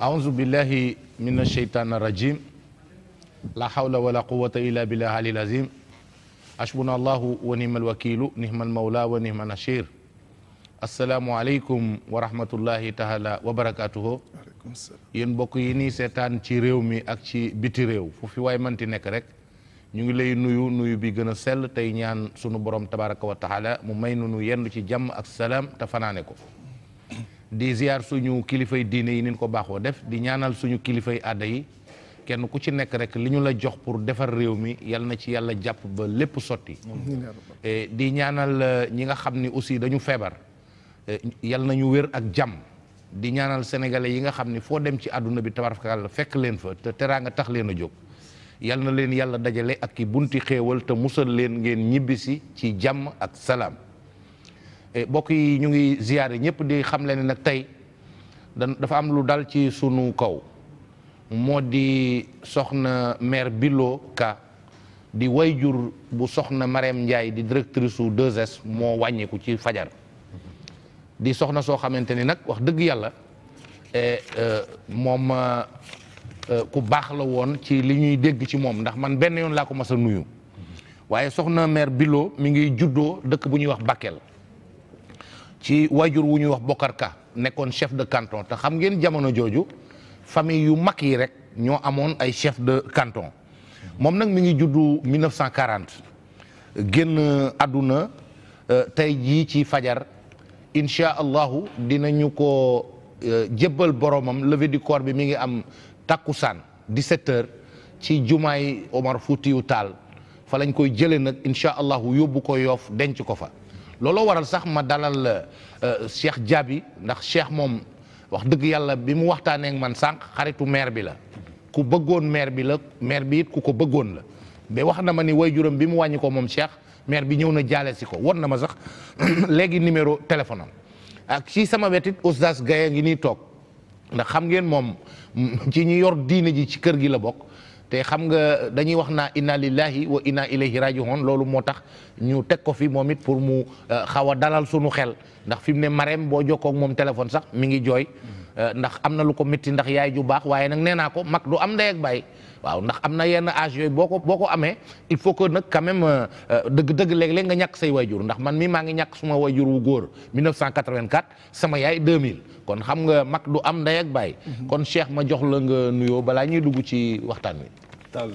aouzu billahi min asheytaan arajim la hawla wala quwata illa billah alil azim hasbuna allahu wa nihmal wakilu nihmal mawla wa nihma nashir asalaamualeykum wa wa barakatuhu yéen mbokk yi nii seetaan ci réew mi ak ci biti réew fu fi waay manti nekk rek ñu ngi lay nuyu nuyu bi gën a sell tey ñaan sunu borom tabaraka wa taala mu may nu nu yendu ci jàmm ak salaam te fanaane ko di ziar suñu kilifay diine yi nin ko baaxoo def di ñaanal suñu kilifay àdda yi kenn ku ci nekk rek li ñu la jox pour defar réew mi yal na ci yàlla jàpp ba lépp sotti e, di ñaanal e, ñi nga xam ni aussi dañu feebar e, yal na ñu wér ak jàmm di ñaanal sénégalais yi nga xam ni foo dem ci àdduna bi tabarakalla fekk leen fa te teraanga tax leen a jóg yal na leen yàlla dajale ak ki bunti xéewal te musal leen ngeen ñibbisi ci jàmm ak salaam Eh, mbokk yi ñu ngi ziyaare ñëpp di xam leen ne nag tey dafa am lu dal ci sunu kaw moo di soxna maire Bilo Ka di jur bu soxna Marème Ndiaye di directrice su 2S moo wàññeeku ci fajar di soxna soo xamante ni nag wax dëgg yàlla eh, eh, moom ku baax la woon ci li ñuy dégg ci moom ndax man benn yoon laa ko mas a nuyu waaye soxna maire Bilo mi ngi juddoo dëkk bu ñuy wax Bakel ci wajur wu ñuy wax Bokar Ka nekkoon chef de canton te xam ngeen jamono jooju famille yu mag yi rek ñoo amoon ay chef de canton moom nag mi ngi juddu 1940 génn àdduna euh, tey jii ci fajar incha allahu dinañu ko euh, jébbal boromam levée du corps bi mi ngi am takkusaan di h ci jumaay Omar Foutiyu Taal fa lañ koy jëlee nag incha allahu yóbbu ko yoof denc ko fa. looloo waral sax ma dalal euh, Cheikh Diaby ndax Cheikh moom wax dëgg yàlla bi mu waxtaanee man sànq xaritu meer bi la ku bëggoon maire bi la maire bi it ku ko bëggoon la mais wax na ma ni juróom bi mu wàññi ko moom Cheikh maire bi ñëw na jaale si ko won na ma sax léegi numéro téléphone am ak ci sama wetit it Oustaz Gaye ngi nii toog ndax xam ngeen moom ci ñu yor diine ji ci kër gi la bokk te xam nga dañuy wax naa inna lillahi wa inna ilayhi rajiun loolu moo tax ñu teg ko fi moom it pour mu euh, xaw a dalal sunu xel ndax fi mu ne mareem boo jokkoog moom téléphone sax mi ngi jooy euh, ndax am na lu ko métti ndax yaay ju baax waaye nag nee naa ko mag du am ndey ak waaw ndax am na yenn âge yooyu boo ko boo ko amee il faut que nag quand même euh, euh, dëgg-dëgg léeg-léeg nga ñàkk say waajur ndax man mii maa ngi ñàkk suma wayjur wu góor 1984 sama yaay 2000 kon xam nga mag du am ndey ak baay. Mhm. kon Cheikh ma jox la nga nuyoo balaa ñuy dugg ci waxtaan wi. Tall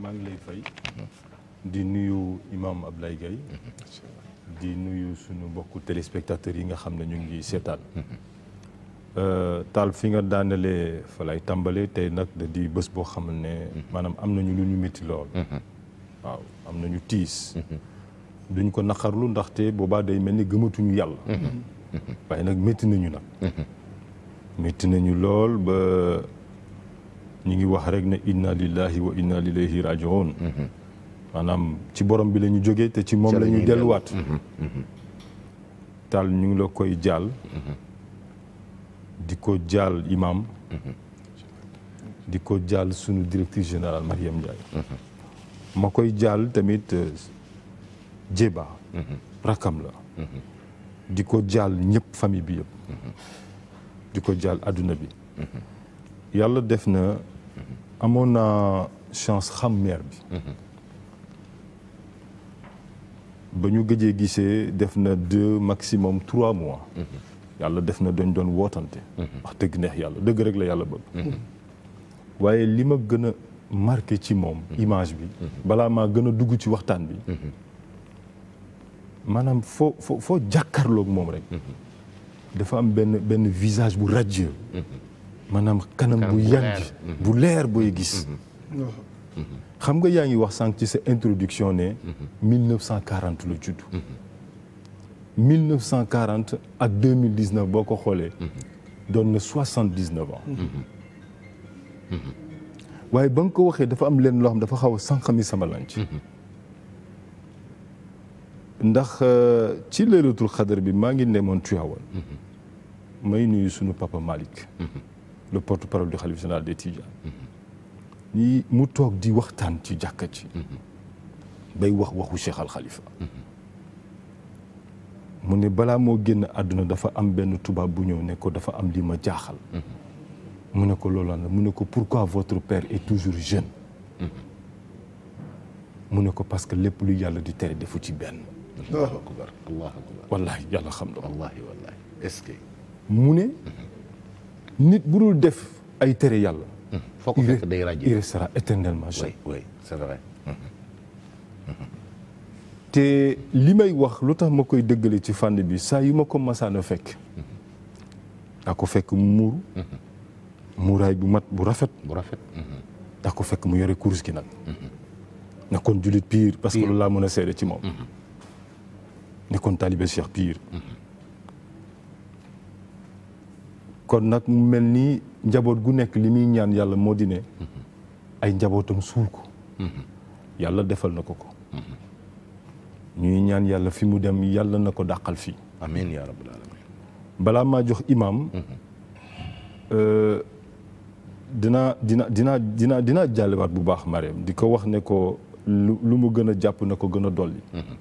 maa ngi lay fay. Mhm. di nuyu imam lay Gaye mhm. di nuyu suñu mbokku téléspectateurs yi nga xam ne ñu ngi seetaan. Euh, taal fi nga daanelee fa lay tàmbale tey nag da di bés boo xam ne mhm. maanaam am nañu lu ñu métti lool mhm. waaw am nañu tiis mhm. duñ ko naqarlu ndaxte boobaa day mel ni gëmatuñu yàlla waaye nag métti nañu nag métti nañu lool ba ñu ngi wax rek ne inna lillahi wa inna ilayhi rajiun maanaam ci borom bi la ñu jógee te ci moom lañuy ñu delluwaat taal ñu ngi la koy jàll di ko jaal imam mm-hmm. di ko jàll sunu directrice général Mariam Ndiaye mm-hmm. ma koy jaal tamit euh, Jéba mm-hmm. rakam la di ko jàll ñëpp famille bi yëpp di ko jàll àdduna bi yàlla def na amoon naa chance xam mère bi ba ñu gëjee gisee def na deux maximum trois mois yàlla def na dañ doon wootante. Mhm. wax dëgg neex yàlla dëgg rek la yàlla bëgg. Mhm. waaye li ma gën a marqué ci moom. Mhm. image bi. balaa maa gën a dugg ci waxtaan bi. maanaam foo foo foo moom rek. dafa am benn benn visage bu radieux. maanaam kanam bu yang bu leer booy gis. xam nga yaa ngi wax sànq ci sa introduction ne. 1940 la judd. 1940 ak 2019 boo ko xoolee. Mhm. doon na 79 ans. Mhm. Mhm. waaye ba nga ko waxee dafa am leen loo xam dafa xaw a sànqami sama lanc. ndax euh, ci leeratul xadar bi maa ngi nemoon Tivaouane. may nuyu sunu papa Malick. le porte-parole du khalife général des Tidjanes. ñi mu toog di waxtaan ci jàkka ci. bay wax waxu Cheikh Al mu ne balaa moo génn àdduna dafa am benn tubaab bu ñëw ne dafa am li ma jaaxal mm-hmm. mu ne ko loolu la mu ne ko pourquoi votre père est toujours jeune mm-hmm. mu ne ko parce que lépp lu yàlla di tere defu ci benn xam na wallaahi ce que mu ne mm-hmm. nit bu dul def ay tere yàlla foo ko fekk day ràññee il te li may wax lu tax ma koy dëggale ci fànn bi saa yu ma ko masaana fekk daa ko fekk mu muuru mm-hmm. muuraay bu mat bu rafet bu rafet mm-hmm. daa ko fekk mu yore kurus gi nag mm-hmm. nekkoon jullit pire parce que loolu laa mën a seede ci moom nekkoon taalibe Cheikh pire kon nag mu mel nii njaboot gu nekk li muy ñaan yàlla moo di ay njabootam suul ko yàlla defal na ko ko ñuy ñaan yàlla fi mu dem yàlla na ko dàqal fii amiin yaa rabbal alamin balaa maa jox imaam dinaa mhm. euh, dina dina dina dina dina jàllewaat bu baax Mariam di ko wax ne ko lu mu gën a jàpp ne ko gën a dolli mhm.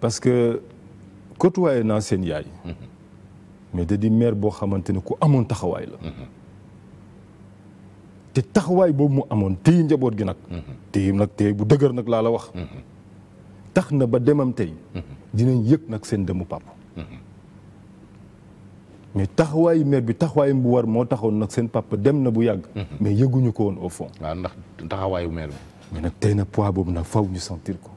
parce que côtoyé naa seen yaay mhm. mais da di mère boo xamante ne ku amoon taxawaay la te taxawaay boobu mu amoon téye njaboot gi nag téye nag bu dëgër nag laa la wax tax na ba demam tey mhm. dinañ yëg nag seen demu papa mhm. mais taxawaayu meer bi taxawaayam bu war moo taxoon nag seen papa dem na bu yàgg mhm. mais yëguñu ko woon au fond waaw ndax taxawaayu maire bi mais nag tey na pois boobu nag faw ñu sentir ko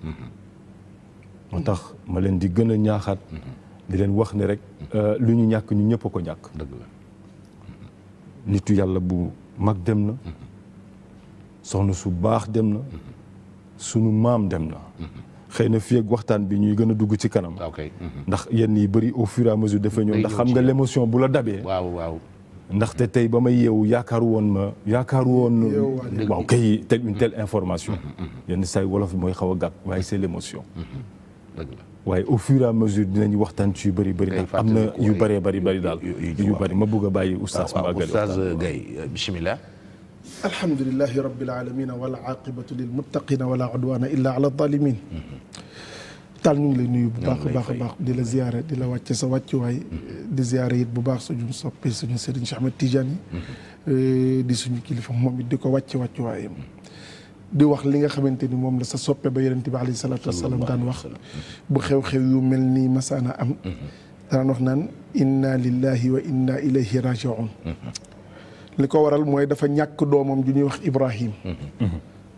moo tax ma leen di gën a ñaaxaat di leen wax ne rek euh, lu ñu ñàkk ñu ñëpp a ko ñàkk dëgg la nitu yàlla bu mag dem na soxna su baax dem na sunu maam dem na xëy na fii ak waxtaan bi ñuy gën a dugg ci kanam. Mhm. ndax yenn yi bëri au fur et à mesure dafay ñëw ndax xam nga l'émotion bu la dabee. waaw waaw. ndaxte tey ba may yeewu yaakaar woon ma yaakaar woon. waaw kay teg mhm. information. Mhm, yenn saa yi wolof mooy xaw a gàtt waaye c'est l'émotion. waaye au fur et à mesure dinañu waxtaan ci yu bëri bëri ndax am na yu bëree bari bari daal yu bëri ma bëgg a bàyyi oustaz. Ah, waaw oustaz euh, Gaye euh, bismillah alhamdulilahi rabbil aalamiina wal aaqibatu lil muttaqiina wala udwaana illaa ala zaalimiin taal ñu ngi lay nuyu bu baax a baax a di la ziyaare di la wàcce sa wàccuwaay di ziyaare it bu baax suñu soppe suñu sëriñ Cheikh Ahmed Tidiane eh, di suñu kilifa moom it di ko wàcce wàccuwaayam di wax li nga xamante ni moom la sa soppe ba yonent bi alayhi salaatu wasalaam daan wax bu xew-xew yu mel nii masaana am mhm. daan wax naan inna lillahi wa inna ilayhi rajiun mhm. li ko waral mooy dafa ñàkk doomam ju ñuy wax Ibrahim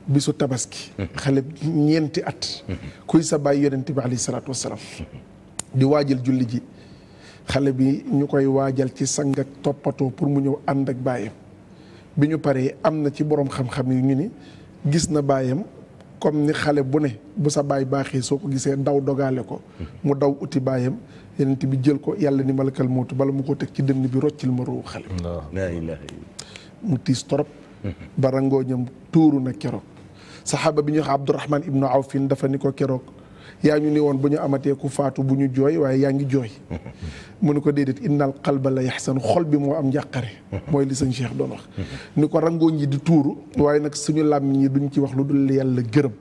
bisu tabaski xale ñeenti at kuy sa baay yonent bi alayhi salaatu wasalaam di waajal julli ji xale bi ñu koy waajal ci sang ak toppatoo pour mu ñëw ànd ak baayam bi ñu paree am na ci boroom xam-xam yi ñu ni gis na baayam comme ni xale bu ne bu sa baay baaxee soo ko gisee ndaw dogaale ko mu daw uti baayam yenent bi jël ko yàlla ni malakal mootu bala mu ko teg ci dënn bi roccil ma ruu xale bi mu tiis torop ba rangooñam tuuru na keroog saxaaba bi ñuy wax Abdurahman ibnu Awfin dafa ni ko keroog yaa ñu ni woon bu ñu amatee ku faatu bu ñu jooy waaye yaa ngi jooy mu ne ko déedéet innal qalba la yaxsan xol bi moo am njàqare mooy li sëñ Cheikh doon wax ni ko rangooñ yi di tuuru waaye nag suñu làmmiñ yi duñ ci wax lu dul yàlla gërëm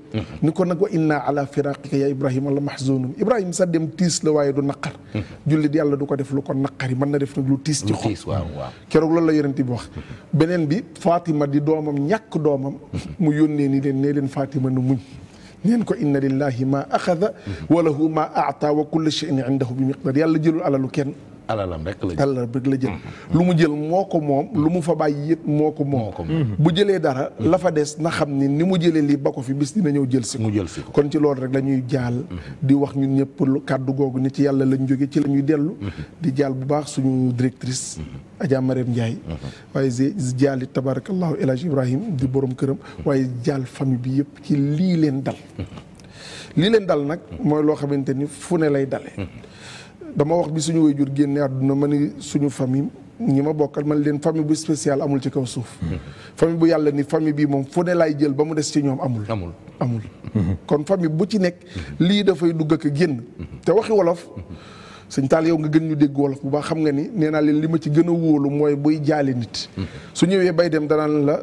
ni ko nag wa inna ala firaqika ya ibrahima la mahzunun ibrahima sa dem tiis la waaye du naqar jullit yàlla du ko def lu ko naqari mën na def nag lu tiis ci xol keroog loolu la yonent bi wax beneen bi Fatima di doomam ñàkk doomam mu yónnee ni leen nee leen Fatima na muñ neen ko inna lillahi ma axada wa lahu ma aata wa kulli shay'in indahu bi miqdar yàlla jëlul alalu kenn alalam rek la jël alalam rek la jël. Mm-hmm. lu mu jël moo ko moom lu mu fa bàyyi yëpp moo ko moom. bu jëlee dara mm-hmm. la fa des na xam ni ni mu jëlee lii ba ko fi bis dina ñëw jël si ko. mu jël si kon ci loolu rek la jaal. Mm-hmm. di wax ñun ñëpp kàddu googu nit ci yàlla lañu jóge ci la ñuy dellu. di jaal bu baax suñu directrice. Adja Marème Ndiaye. waaye jaali tabarakallahu El Hadj Ibrahim di borom këram. waaye jaal famille bi yëpp ci lii leen dal. lii leen dal nag mooy loo xamante ni fu ne lay dale dama wax bi suñu waajur génne àdduna ma ni suñu famille ñi ma bokkal man leen famille bu spécial amul ci kaw suuf. Mhm. famille bu yàlla ni famille bii moom foo ne laay jël ba mu des ci ñoom amul. amul amul. Mhm. kon famille bu ci nekk. Mhm. lii dafay dugg ak génn. te waxi wolof. sëñ taal yow nga gën ñu dégg wolof bu baax xam nga ni nee naa leen li ma ci gën a wóolu mooy buy jaale nit. su ñëwee bay dem danaan la.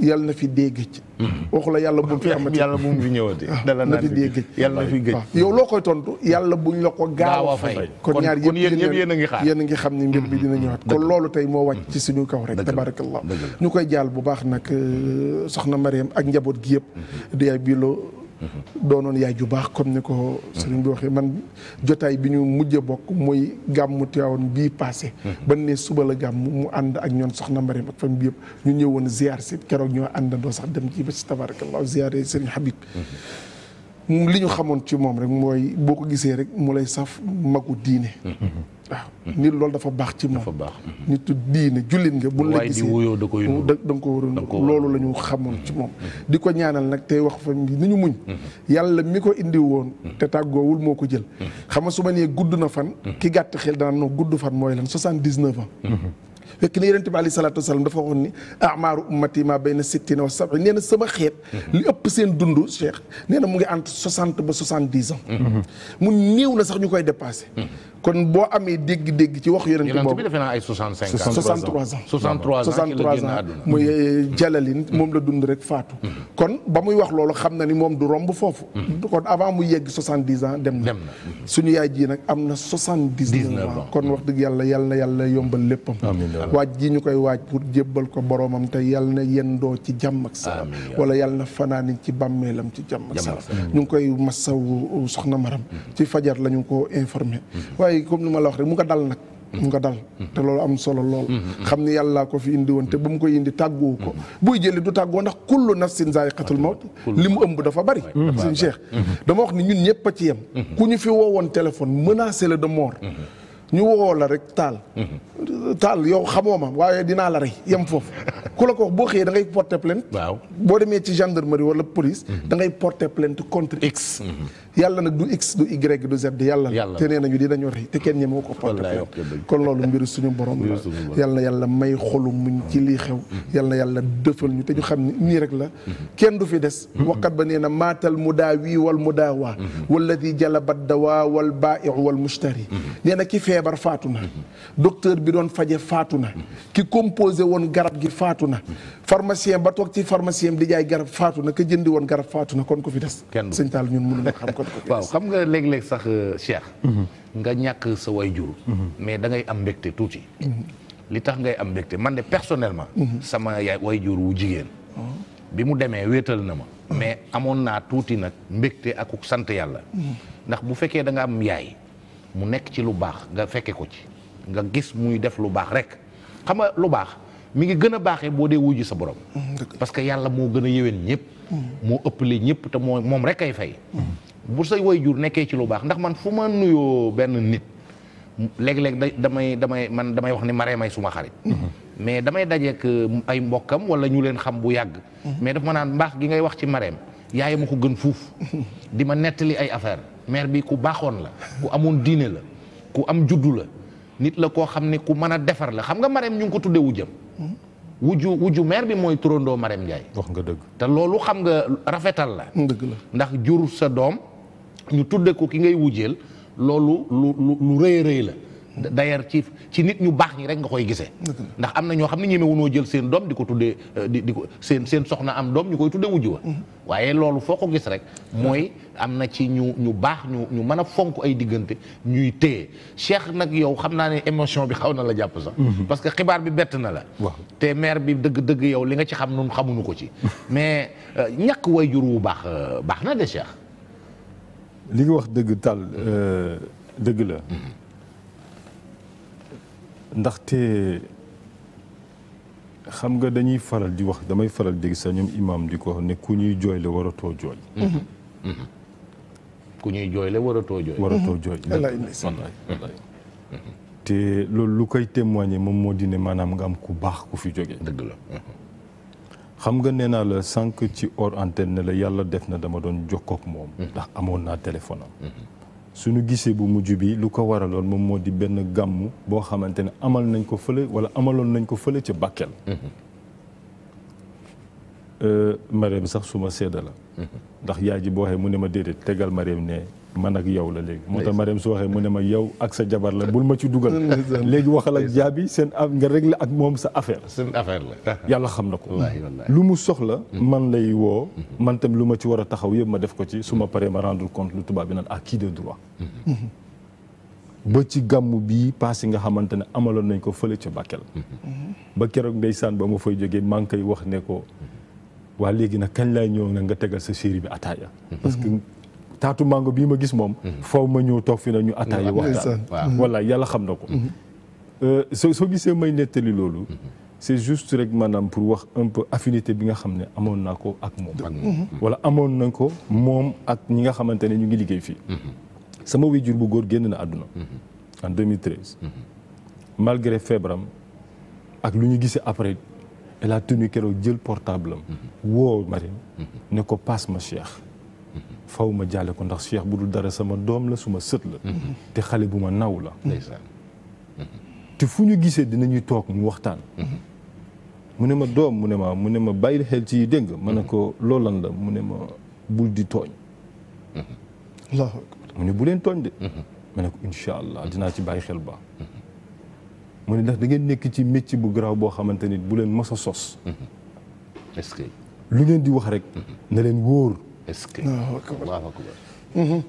yàlla na fi dee gëj. Mm-hmm. waxu la yàlla bu mu fi amati yàlla bu mu fi ñëwati. Ah, dala na fi dee gëj yàlla na fi gëj. Ah. yow loo koy tontu yàlla buñ la ko. gaaw a fay kon ñaar yëpp yéen a ngi xaar yéen a ngi xam ni mbir bi dina ñëwaat. kon loolu tey moo wàcc ci suñu kaw rek. tabarakallah ñu koy jaal bu baax nag euh, soxna Mariam ak njaboot gi yëpp. Mm-hmm. di yaay Bilo. doonoon yaay ju baax comme ni ko sëriñ bi waxee man jotaay bi ñu mujj bokk mooy gàmmu Tiwaawan bii passé ba ne suba la gàmm mu ànd ak ñoon soxna mbari ak fa bi yëpp ñu ñëwoon ziar si keroog ñoo àndandoo sax dem ci ba si tabarakallah ziare sëriñ Habib li ñu xamoon ci moom rek mooy boo ko gisee rek mu lay saf magu diine waaw nit loolu dafa baax ci moom dafa baax. Mhm. nitu diine jullit nga. bu la gisee waay da koy da nga ko waroon loolu la ñu xamoon ci mhm. moom. Mhm. di ko ñaanal nag tey wax fa ni ñu muñ. yàlla mi ko indi woon. te tàggoowul moo ko jël. xam nga su ma nee gudd na fan. ki gàtt xel dana noo gudd fan mooy lan soixante-dix-neuf ans. fekk na yonent bi aleyhi salaatu wa salaam dafa waxoon ni amaaru ummati ma bayna sittina wa sab'i nee sama xeet. li ëpp seen dund Cheikh nee na mu ngi entre soixante ba soixante-dix ans. mu néew na sax ñu koy dépassé. kon boo amee dégg-dégg ci wax yonent boobu bi defe naa ay 65 ans 63 ans 63 ans mm-hmm. muy eh, jalalin moom la dund rek faatu mm-hmm. kon ba muy wax loolu xam na ni moom du romb foofu mm-hmm. kon avant mu yegg 70 ans dem na suñu yaay ji nag am na 79 ans kon wax dëgg yàlla yàlla yàlla yombal léppam waaj ji ñu koy waaj pour jébbal ko boroomam te yàlla na yendoo ci jàmm ak salaam wala yàlla na fanaani ci bàmmeelam ci jàmm ak salaam ñu ngi koy masaw uh, soxna maram ci fajar la ñu ko informé yi comme ni ma la wax rek mu nga dal nag mu nga dal te loolu am solo lool xam ni yàlla ko fi indi woon te ba mu koy indi tàggoo ko buy jëli du tàggoo ndax kullu nafsin zaa'iqatul mawt li mu ëmb dafa bari sëñ Cheikh mm-hmm. dama wax ni ñun ñëpp a ci yem mm-hmm. ku ñu fi woowoon téléphone menacé la de mort mm-hmm. ñu woo la rek taal taal yow xamoo ma waaye dinaa la rey yem foofu ku la ko wax boo xëyee da ngay porter boo demee ci gendarmerie wala police da ngay porter plainte contre x yàlla nag du x du gi du z yàlla la te nee nañu dinañu rey te kenn ñemewu ko porte kon loolu mbiru suñu borom la yàlla na yàlla may xolu muñ ci lii xew mm-hmm. yàlla yàlla dëfal ñu te ñu xam ni nii rek la mm-hmm. kenn du fi des mm-hmm. waqat ba nee na maatal mudaawi wal mudaawaa walladi jalabat dawaa wal baaiu wal mushtari nee na ki feebar faatu na docteur bi doon faje faatu na ki composé woon garab gi faatu na pharmacien ba toog ci pharmacien bi di jaay garab faatu na ka woon garab faatu na kon ku fi des sëñ taal ñun mënuñu waaw xam nga léeg-léeg sax euh, Cheikh. nga ñàkk sa way jur mais da ngay am mbégte tuuti. li tax ngay am mbégte man de personnellement. sama yaay way jur wu jigéen. bi mu demee wéetal na ma. mais amoon naa tuuti nag mbégte ak sant yàlla. ndax bu fekkee da nga am yaay mu nekk ci lu baax nga fekke ko ci. nga gis muy def lu baax rek xam nga lu baax mu ngi gën a baaxee boo dee wuju sa borom. parce que yàlla moo gën a yéwén ñëpp. ëpp ëppale ñëpp te moo moom rek ay fay. bu say jur nekkee ci lu baax ndax man fu ma nuyoo benn nit léeg-léeg da damay damay man damay wax ni maree suma xarit mm-hmm. mais damay dajeek euh, ay mbokkam wala ñu leen xam bu yàgg mm-hmm. mais daf ma naan mbaax gi ngay wax ci mareem yaay ma ko gën fuuf mm-hmm. di ma nettali ay affaire maire bi ku baaxoon la ku amoon diine la ku am juddu la nit la koo xam ne ku mën a defar la xam nga mareem ñu ngi ko tuddee wujjam wujju wujju maire bi mooy turandoo mareem Ndiaye wax nga dëgg te loolu xam nga rafetal la ndax jur sa doom ñu tudde ko ki ngay wujjeel loolu lu lu rëy rëy la d'ailleurs ci ci nit ñu baax ñi rek nga koy gisee ndax am na ñoo xam ne ñeme wunoo jël seen doom di ko tuddee euh, di ko seen seen soxna am doom ñu koy tuddee wujj wa mm-hmm. waaye loolu foo ko gis rek mooy am na ci ñu ñu baax ñu ñu mën a fonk ay diggante ñuy téye Cheikh nag yow xam naa ne émotion bi xaw na la jàpp sax mm-hmm. parce que xibaar bi bett na la te maire bi dëgg-dëgg yow li nga ci xam nun xamuñu ko ci mais euh, ñàkk way jur wu baax euh, baax na de Cheikh li nga wax dëgg tal mm-hmm. euh, dëgg la mm-hmm. ndaxte xam nga dañuy faral di wax damay faral dégg sa ñoom imam di ko ne ku ñuy jooyle la waratoo jooy mm-hmm. ku ñuy jooy la waratoo jooy waratoo jooy te loolu lu koy témoigner moom moo di maanaam nga am ku baax ku fi jóge dëgg la xam nga nee naa la sànq ci or antenne la yàlla def na dama doon jokkoo moom. Mhm. ndax amoon naa téléphone mhm. suñu gisee bu mujj bi lu ko waraloon moom moo di benn gàmmu boo xamante ne amal nañ ko fële wala amaloon nañ ko fële ca Bakel. Mhm. Euh, Mariam sax su ma sedda la. ndax yaay ji boo waxee mu ne ma déedéet tegal Mariam ne. man ak yow la léegi moo tax Mariam su waxee mu ne ma yow ak sa jabar la bul ma ci dugal léegi waxal ak jaabi seen nga régler ak moom sa affaire seen affaire la yàlla xam na ko lu mu soxla mm-hmm. man lay woo mm-hmm. man tam lu ma ci war a taxaw yëpp ma def ko ci su paree ma rendre compte tubaab bi naan acquis de droit mm-hmm. ba ci gàmmu bii paase nga xamante ne amaloon nañ ko fële ca Bakel ba keroog ndeysaan ba ma fay jógee maa ngi wax ne ko waa léegi nag kañ laay ñëw na nga tegal sa chéri bi parce que taatu mango bii ma gis moom. Mhm. faw ma ñëw toog fi na ñu ataaya waxtaan. voilà mhm. yàlla xam na ko. Mhm. Euh, soo soo gisee may nettali loolu. c'est juste rek maanaam pour wax un peu bi nga xam ne amoon naa ko ak moom. wala amoon nañ ko moom ak ñi nga xamante ne ñu ngi liggéey fii. sama wéjur bu góor génn na àdduna. en 2013. malgré feebaram ak lu ñu gisee après elle a tenu keroog jël portable am. woo Marine ne ko passe ma Cheikh. faw ma jàlle ko ndax Cheikh bu dul dara sama doom la suma sët la mhm. te xale bu ma naw la mhm. te fu ñu gisee dinañuy toog mu waxtaan mhm. mu ne ma doom mu ne ma mu ne ma bàyyil xel ci dégg nga ma ne ko loolan la mu ne ma bul di tooñ allahu mu ne bu leen tooñ de ma ne ko incha allah dinaa ci bàyyi xel baax mu ne ndax dangeen nekk ci métier bu garaw boo xamante ni bu leen mos a sos est lu ngeen di wax rek na leen wóor est-ce mm-hmm.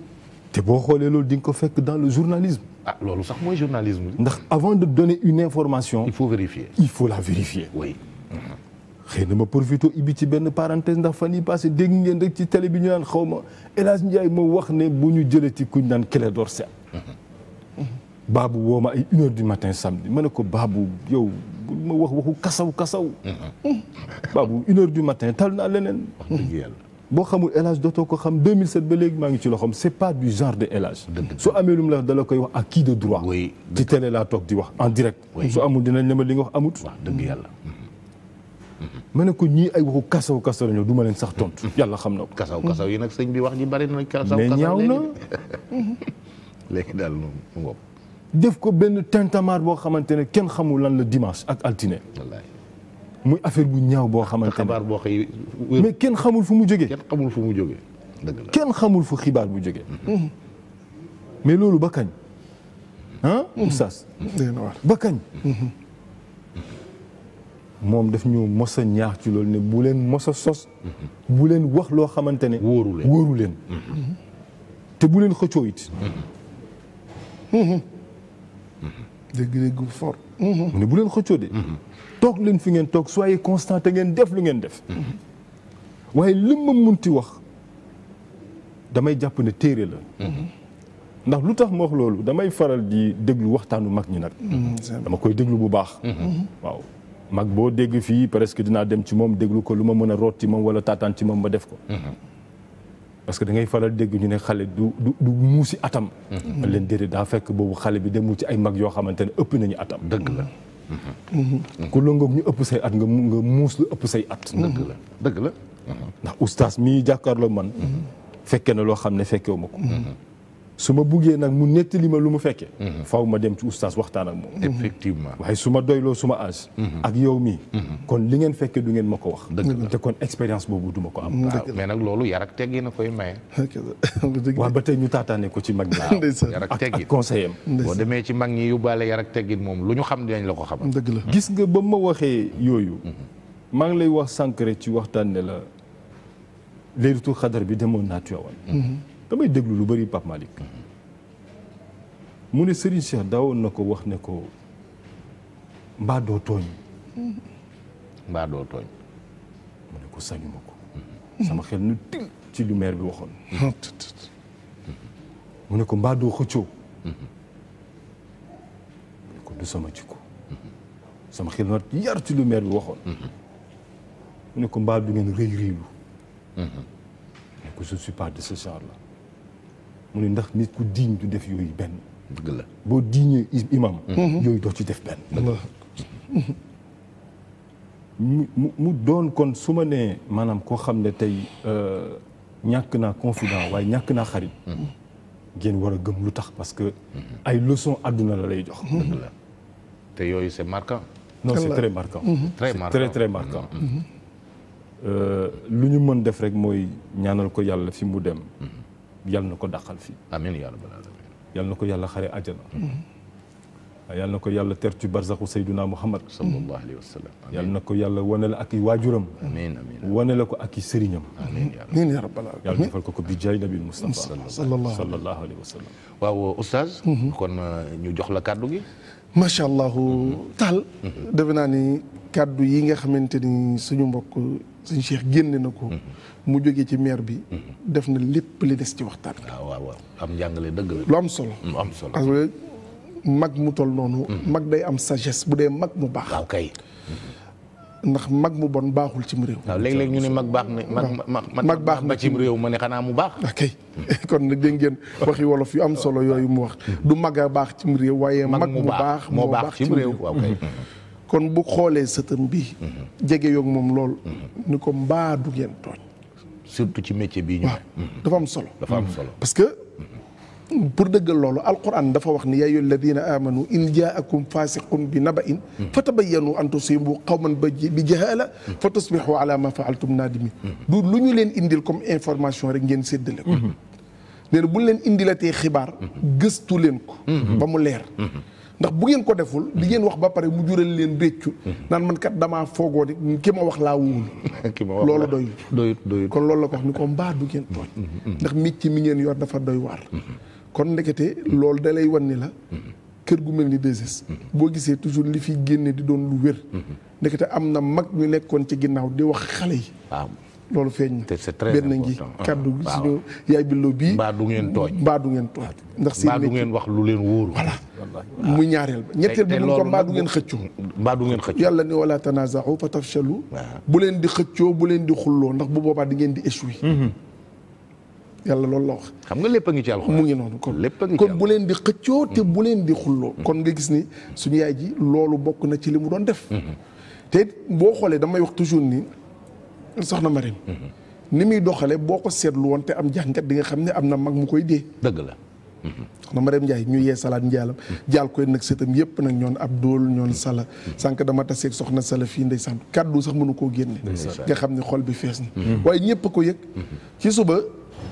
te boo xoolee loolu di nga ko fekk dans le journalisme. ah loolu sax mooy journalisme bi. ndax avant de donner une information. il faut la vérifier. oui. Mm-hmm. xëy na ma profité ibi ci benn parenthèse ndax fan yii passé dégg ngeen rek ci télé bi ñu naan xaw ma El Hadj Ndiaye wax ne bu ñu jëlee ci kuñ naan Clédor Sène. Mm-hmm. baabu woo ma ay une heure du matin samedi ma ne ko baabu yow ma wax waxu kasaw kasaw. baabu une heure du matin tal naa leneen. wax dëgg yàlla. boo xamul élage dootoo ko xam 2007 ba léegi maa ngi ci loxoom c'est pas du genre de élage su amee la da la koy wax à qui de droit ci télé laa toog di wax en direct su amul dinañ ne ma li nga wax amut dëgg yàlla ma ne ko ñii ay waxu kasaw kasaw la ñëw du ma leen sax tontu mm-hmm. yàlla xam na ko kasaw kasaw yi nag sëñ bi wax ji bari na kasaw mais ñaaw na léegi daal moom def ko benn tintamarre boo xamante ne kenn xamul lan la dimanche ak altine muy affaire bu ñaaw boo xamante ne xabaar boo xëy mais kenn xamul fu mu jógee. kenn xamul fu mu jógee dëgg la kenn xibaar bu jógee. mais loolu ba kañ ah oustaz ba kañ moom daf ñu mos a ñaax ci loolu ne bu leen mos sos bu leen wax loo xamante ne wóoru leen wóoru te bu leen xëccoo it ne bu xëccoo de toog leen fi ngeen toog soyez constant te ngeen def lu ngeen def. waaye li ma munti wax damay jàpp ne téere la. ndax lu tax mu wax loolu damay faral di déglu waxtaanu mag ñi nag. dama koy déglu bu baax. waaw mag boo dégg fii presque dinaa dem ci moom déglu ko lu ma mën a root ci moom wala taataan ci moom ma def ko. parce que da ngay faral dégg ñu ne xale du du du muusi atam. Mhm. leen déedéet daa fekk boobu xale bi demul ci ay mag yoo xamante ne ëpp nañu atam. dëgg la. Mm-hmm. ku lëngoog ñu ëpp say at nga nga muus lu ëpp say at. dëgg la dëgg la. Mm-hmm. ndax ustaas mii jàkkaarloo man. Mm-hmm. fekke na loo xam ne fekkewu ma ko. su ma buggee nag mu nettali ma lu mu fekke mhm. faw ma dem ci oustaz waxtaan ak moom. effectivement waaye su ma doyloo su ma mhm. ak yow mii. Mhm. kon li ngeen fekkee du ngeen ma ko wax. dëgg te kon boobu du ko am. mais nag loolu yarak ak teggi na koy maye. waaw ba tey ñu taataanee ko ci mag ñi. yar ak teggin ak conseil am. boo demee ci mag ñi yóbbaale yar ak teggin moom lu ñu xam dinañ la ko xam dëgg la gis nga ba mu ma waxee yooyu. maa ngi lay wax sànq ci waxtaan ne la laylatul xadar bi demoon naa Tiwaawan damay déglu lu bëri Pape Malick mhm. mu ne Serigne Cheikh daawoon na ko wax ne ko mbaa doo tooñ mhm. mbaa doo tooñ mu ne ko sañuma ko mhm. sama xel nu til ci lu maire bi waxoon mu ne ko mbaa du ci lu bi waxoon ne ko mbaa du ngeen rëy rëylu mu ne ko je ne suis pas de ce mu ne ndax nit ku diiñ du def yooyu benn. boo diiñee imam. Mm-hmm. Mm-hmm. yooyu doo ci def benn. mu doon kon su ma nee maanaam koo xam ne tey euh, ñàkk naa confident waaye ñàkk naa xarit. Mm-hmm. ngeen war a gëm lu tax parce que. ay leçons àdduna la lay jox. te yooyu c'est marquant. non c'est très marquant. très marquant euh, lu ñu mën def rek mooy ñaanal ko yàlla fi mu dem. yàlla na ko dàqal fii. amiin yaa rabbal aalamiin. yàlla na ko yàlla xare àjjana. Mm-hmm. yàlla ko yàlla ter ci barzaxu sayduna muhammad sallallahu alayhi wa sallam yàlla na ko yàlla wane la ak i waajuram amiin amiin wane la ko ak i sëriñam amiin yaa rabbal aalamiin yàlla ko ko mustafa sallallahu alayhi mm-hmm. kon uh, ñu jox la kàddu gi macha allah mm-hmm. taal defe naa ni kàddu yi nga xamante ni suñu mbokk suñu cheikh génne na ko mu jóge ci maire bi. Mhm. def na lépp li des ci waxtaan. Ah, waaw am njàngale dëgg la. lu am solo lu mm, am solo. parce que mag mu toll noonu. Mm. mag day am sagesse bu dee mag mu baax. waaw kay. ndax mag mu bon baaxul ci réew. waaw léeg-léeg ñu ne mag baax na mag mag baax na ci réew ma ne xanaa mu baax. ok ah, kon nag dégg ngeen waxi wolof yu am solo yooyu mu wax mm. du mag a baax ci réew. waaye mag mu baax moo baax ci réew waaw kay. kon bu xoolee sëtam bi. Mm-hmm. jege yoog moom lool. Mm-hmm. ni ko mbaa du ngeen tooñ. surtout ci métier bii ñu. Mhm. dafa am solo dafa am solo parce que. pour dëggal loolu alquran dafa wax ni yaa ayyuha alladina amanu in jaakum fasiqun bi nabain fa tabayyanu an tusibu qawman bi jahala fa tusbihu ala ma faaltum nadimin mhm. du lu ñu leen indil information rek ngeen séddale ko mhm. nee bu leen indilatee xibaar gëstu leen ba mu leer ndax bu ngeen ko deful li ngeen wax ba pare mu jural leen réccu naan man kat damaa foogoo ni ki ma wax laa wóolu loolu doyut doyut doyut kon loolu la ko wax ni ko mbaa du ngeen tooñ mm-hmm, mm-hmm. ndax métier mi ngeen yor dafa doy waar mm-hmm. kon ndekete loolu dalay lay wan ni la kër gu mel ni deses boo gisee toujours li fiy génne di doon lu wér ndekete am na mag ñu nekkoon ci ginnaaw di wax xale yi loolu feeñ na. te c'est très important benn ngi ah, kaddu gi suñu yaay billoo bii. mbaa du ngeen tooñ mbaa du ngeen tooñ. ndax seen mbaa ngeen wax lu leen wóoru. voilà muy ñaareel ba ñetteel bi mu ko mbaa du ngeen xëccoo. yàlla ne wala tanaza'u fa tafshalu. bu leen di xëccoo bu leen di xulloo ndax boobaa di ngeen di échoué. Mm-hmm. yàlla loolu la wax. xam nga lépp ngi ci alxuraan mu ngi noonu kon kon bu leen di xëccoo te mm-hmm. bu leen di xulloo. Mm-hmm. kon nga gis ni suñu yaay ji loolu bokk na ci li mu doon def. te boo xoolee damay wax toujours ni soxna Marine ni muy doxale boo ko seetlu woon te am jàngat di nga xam ne am na mag mu koy dee dëgg la soxna Marème Ndiaye ñu yee salaat njaalam jaal koy nag sëtam yëpp nag ñoon Abdoul ñoon Sala sànq dama taseeg soxna Sala fii ndeysaan kàddu sax mënu koo génne nga xam ni xol bi fees na waaye ñëpp a ko yëg ci suba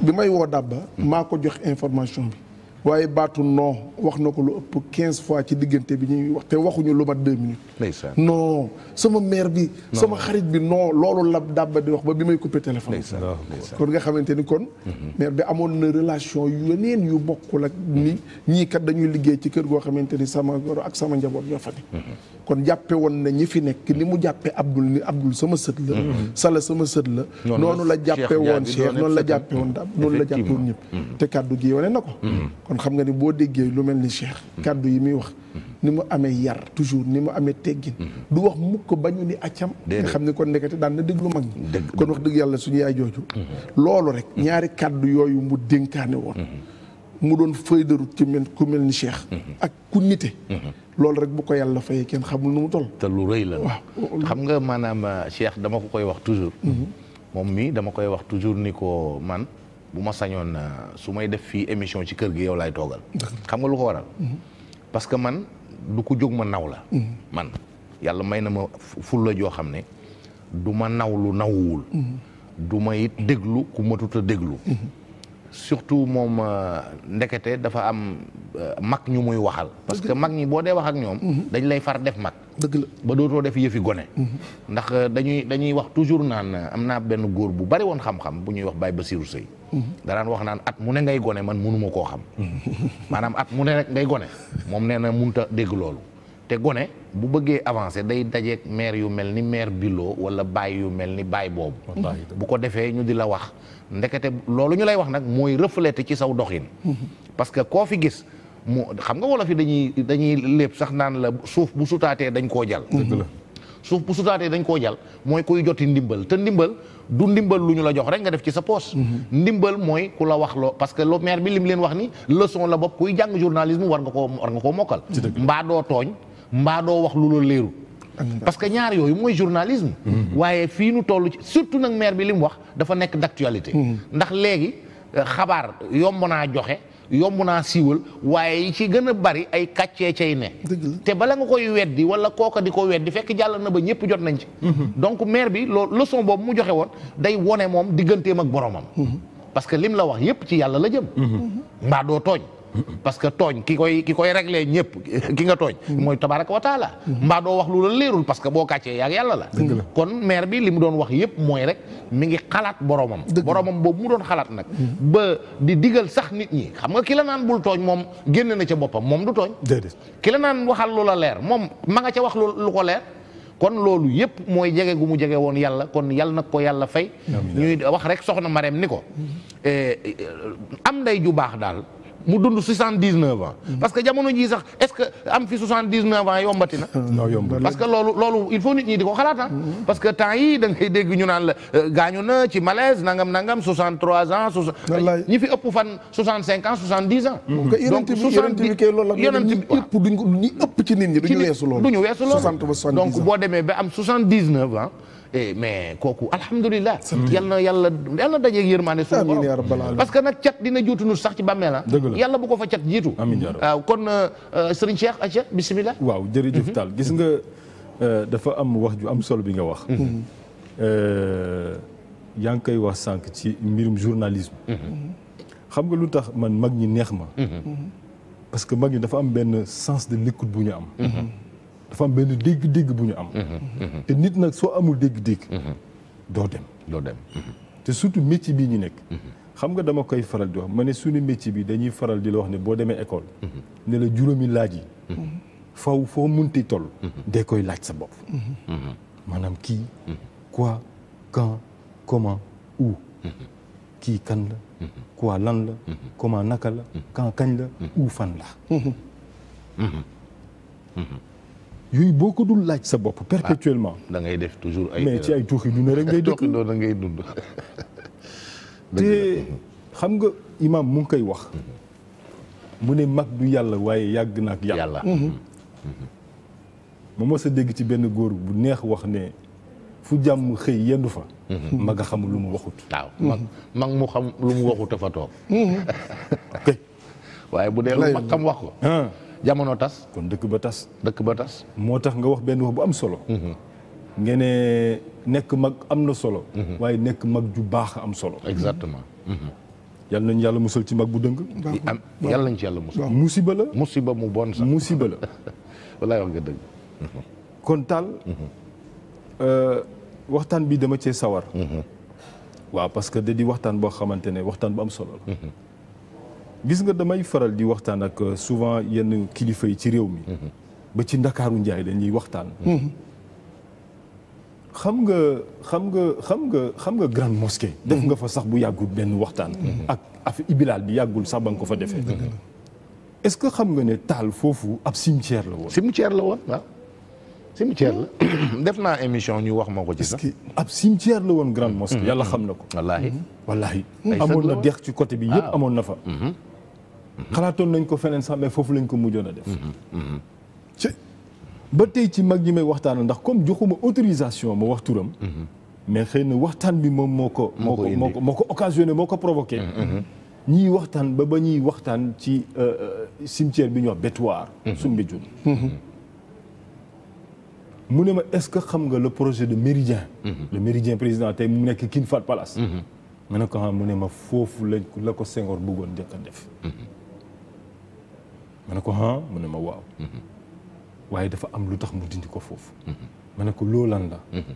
bi may woo dàbba maa ko jox information bi waaye baatu non wax na ko lu ëpp quinze fois ci diggante bi ñuy wax te waxuñu lu mat deux minutes. non sama mère bi. sama xarit bi non loolu la dàbba di wax ba bi may coupé kon nga xamante ni kon. Mhm. mère bi amoon na relation yeneen yu bokkul ak ni ñii kat dañuy liggéey ci kër goo xamante ni sama goro ak sama njaboot ñoo fa mhm. kon jàppe woon na ñi fi nekk ni mu jàppe Abdul ni Abdul sama sët mhm. Sala sama sët la. noonu la jàppe woon Cheikh noonu la jàppe woon Dab la jàppe ñëpp. te kàddu gi wane na ko. kon xam nga ni boo déggee lu mel ni Cheikh. kàddu yi muy wax. ni mu amee yar toujours ni mu amee teggin. du wax mukk ba ñu ni acam nga xam ni kon nekkati daan na dégg déglu mag ñi. kon wax dëgg yàlla suñu yaay jooju. loolu rek ñaari kàddu yooyu mu dénkaane woon. mu doon feuille de ci mel ku mel ni Cheikh. ak ku nite. loolu rek bu ko yàlla fayee kenn xamul nu mu toll. te lu rëy la waaw. xam nga maanaam euh, Cheikh dama ko koy wax toujours. Mhm. moom mii dama koy wax toujours ni ko man. bu ma sañoon euh, su may def fii émission ci kër gi yow laay toogal. xam nga lu ko waral. Mhm. parce que man du ko jóg ma naw la. Mhm. man yàlla may na ma fulla joo xam ne du ma naw lu nawuwul. Mhm. du may it déglu ku matut a déglu. surtout moom euh, ndekete dafa am euh, mag ñu muy waxal. parce que mag ñi boo dee wax ak ñoom. Mhm. dañ lay far def mag. dëgg ba dootoo def yëfi gone. Mhm. ndax euh, dañuy dañuy wax toujours naan am naa benn góor bu bari woon xam-xam bu ñuy wax Baye Bassirou Seye. Mhm. danaan wax naan at mu ne ngay gone man mënuma koo xam. maanaam at mu ne rek ngay gone moom nee na mënut a dégg loolu. te gone bu bëggee avancer day dajeek maire yu mel ni maire Bilo wala baay yu mel ni baay boobu. bu ko defee ñu di la wax. ndekete loolu ñu lay wax nag mooy refléter ci saw doxin. parce que koo fi gis mu xam nga wolof yi dañuy dañuy lépp sax naan la suuf bu sutaatee dañ koo jal suuf bu sutaatee dañ koo jal mooy kuy joti ndimbal te ndimbal du ndimbal lu ñu la jox rek nga def ci sa poche. Mm-hmm. ndimbal mooy ku la wax loo parce que lo maire bi lim leen wax ni leçon la bopp kuy jàng journalisme war nga koo war nga koo mokkal. mbaa doo wax lu la leeru parce que ñaar yooyu mooy journalisme mm-hmm. waaye fii nu toll surtout nag maire bi li mu wax dafa nekk d'actualité mm-hmm. ndax léegi euh, xabaar yomb naa joxe yomb naa siiwal waaye yi ci gën a bari ay kàccee cay ne te bala nga koy weddi wala kooka di ko weddi fekk jàll na ba ñëpp jot nañ ci mm-hmm. donc maire bi loolu leçon boobu mu joxe woon day wone moom digganteem ak boromam parce que lim la wax yépp ci yàlla la jëm mbaa doo tooñ parce que tooñ ki koy ki koy réglé ñëpp ki nga tooñ mooy tabarak wa taala mbaa doo wax lu la leerul parce que boo kàccee yaag yàlla la kon maire bi li mu doon wax yëpp mooy rek mi ngi xalaat boromam boromam boobu mu doon xalaat nag ba di digal sax nit ñi xam nga ki la naan bul tooñ moom génne na ca boppam moom du tooñ ki la naan waxal lu la leer moom ma nga ca wax lu ko leer kon loolu yëpp mooy jege gu mu jege woon yàlla kon yàlla nag ko yàlla fay ñuy wax rek soxna Marème ni ko eh, eh, am ndey ju baax daal mu dund soixante-dix-neuf ans. Mm. parce que jamono jii sax est-ce que am fi soixante-dix-neuf ans yombati na. parce que loolu loolu il faut nit ñi di ko xalaat ah. mm. parce que temps yi da ngay dégg ñu naan la euh, gaañu na ci malaise nangam nangam soixante-trois ans. ñi fi ëpp fan soixante-cinq ans soixante-dix ans. donc mm. soixante yonent bi ëpp duñ ñi ëpp ci nit ñi duñu weesu loolu. duñu boo demee ba am soixante-dix-neuf ans. Eh, mais kooku alhamdulilah. yal na yàlla yal na dajeeg yërmaane suñu borom parce que nag cat dina juutu nu sax ci bàmmeela ah. yàlla bu ko fa cat jiitu. amiin waaw kon euh, euh, sëriñ Cheikh Acha bisimilah. waaw jërëjëf mhm. Tall gis nga euh, dafa am wax ju am solo bi nga wax. Mhm. yaa ngi koy wax sànq ci mbirum journalisme. Mhm. xam nga lu tax man mag ñi neex ma. parce que mag ñi dafa am benn sens de l'écoute bu ñu am. dafa am benn dégg-dégg bu ñu am. Mhm, mhm. te nit nag soo amul dégg-dégg. Mhm. doo dem te surtout métier bii ñu nekk. xam nga dama koy faral di wax ma ne suñu métier bi dañuy faral di la wax ne boo demee école. ne la juróomi laaj yi. faw foo munti toll. dee koy laaj sa bopp. maanaam kii. quoi quand comment où. kii kan la. quoi lan la. comment naka la. quand kañ la. où fan la. yooyu boo ko dul laaj sa bopp ah, perpétuellement da ngay def toujours ay mais ci ay tuuxi dund rek ngay dëkk da ngay dund te xam nga imam mu ngi koy wax mm-hmm. mu ne mag du yàlla waaye yàgg na ak yàlla mm-hmm. Mm-hmm. ma mos a dégg ci benn góor bu neex wax ne fu jàmm xëy yendu fa mag a xam lu mu waxut waaw mag mu xam lu mu waxut a fa toog waaye bu dee mag xam wax ko ah. jamono tas. kon dëkk ba tas. dëkk ba tas. moo tax nga wax benn wax bu am solo. Mhm. nga ne nekk mag am na solo. Mhm. waaye nekk mag ju baax am solo. exactement. Mhm. yal nañ yàlla musal ci mag bu dëng. am yal nañu ci yàlla musal. musiba la musiba mu bon sax. musiba la. walaay wax nga dëgg. kon taal. Euh, waxtaan bi dama cee sawar. waaw parce que da di waxtaan boo xamante ne waxtaan bu am solo la. gis nga damay faral di waxtaan ak euh, souvent yenn kilifa yi ci réew mi. Mhm. ba ci ndakaaru njaay dañuy waxtaan. Mhm. xam nga xam nga xam nga xam nga grande mosquée. Mhm. def nga fa sax bu yàggul benn waxtaan. ak affaire ibilaal bi yàggul sax ba nga ko fa defee. est-ce que xam nga ne taal foofu ab cimetière la woon. cimetière la woon waaw. cimetière la hmm. def naa émission ñu wax ma ko ci sax. ab cimetière la woon grande mosquée. yàlla xam na ko. wallaahi amoon na dex ci côté bi yëpp ah. amoon na fa. xalaatoon nañ ko feneen sax mais foofu lañ ko mujjoon a def. Mhm, mhm. ba tey ci mag ñi may waxtaan ndax comme joxuma autorisation ma wax turam. Mhm. mais xëy na waxtaan bi moom moo ko. moo ko moo ko moo moo ko provoqué. ñii waxtaan ba ba ñuy waxtaan ci euh, euh, cimetière bi ñuy wax Bétoir. Soumbédioune. mu ne ma est-ce que xam nga le projet de méridien. le méridien président tey mu nekk King Fahd Palace. ma ne ah, mu ne ma foofu lañ la ko sengoor buggoon njëkk a def. ma ne ko ah mu ne ma waaw. Mhm. waaye dafa am lu tax mu dindi ko foofu. Mhm. ma ne ko loolan la. Mhm.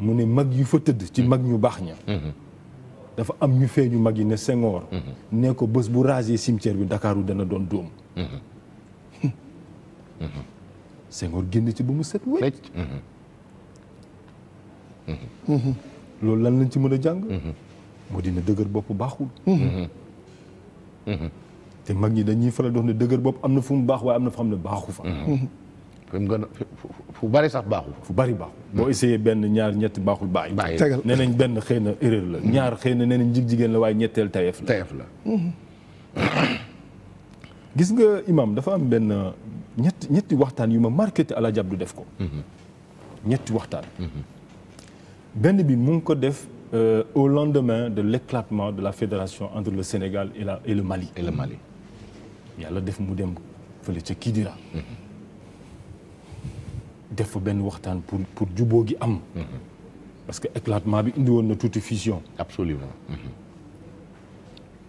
mu ne mag yu fa tëdd ci mag ñu baax ña. dafa am ñu feeñu mag yi ne Senghor. ne ko bës bu rasé cimetière bi Ndakaaru dana doon dóom. Senghor génn ci ba mu set wecc. loolu lan lañ ci mën a jàng. moo dina dëgër bopp baaxul. te mag ñi dañuy faral dox ne dëgër bopp am na fu mu baax waaye am na fa xam ne baaxu fa. Mm-hmm. fu mu gën fu bari sax baaxu. fu bari baaxu. boo essayé benn ñaar ñetti baaxul bàyyi. bàyyi nee nañ benn xëy na erreur la. Mm-hmm. ñaar xëy na nee nañ jig jigéen la waaye ñetteel tayef la. tayef la. Mm-hmm. gis nga imam dafa am benn uh, ñetti ñetti waxtaan yu ma marqué te Alaaji def ko. ñetti waxtaan. benn bi mu ngi ko def uh, au lendemain de l'éclatement de la fédération entre le Sénégal et la Mali. et le Mali. yàlla def mu dem fële ca Kidira def fa benn waxtaan pour pour juboo gi am parce que éclatement bi indi woon na tuuti fision absolument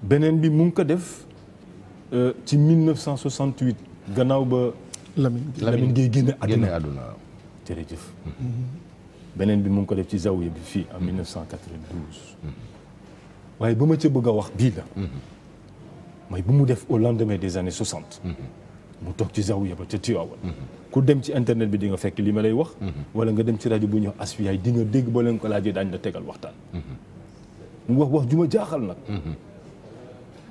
beneen bi mu ngi ko def euh, ci 1968 gannaaw ba Lamine Lamine Gueye génne àdduna jërëjëf mm-hmm. beneen bi mu ngi ko def ci zawiya bi fii en 1992 mm-hmm. waaye ba ma ca bëgg a wax bii la mm-hmm. mooy bu mu def au lendemain des années 60. mu toog ci zawiya ba ca Tiwaawan ku dem ci internet bi di nga fekk lii ma lay wax. wala nga dem ci rajo bu ñu wax Asfiyahi di nga dégg boo leen ko laajee daañu la tegal waxtaan. mu wax wax ju jaaxal nag.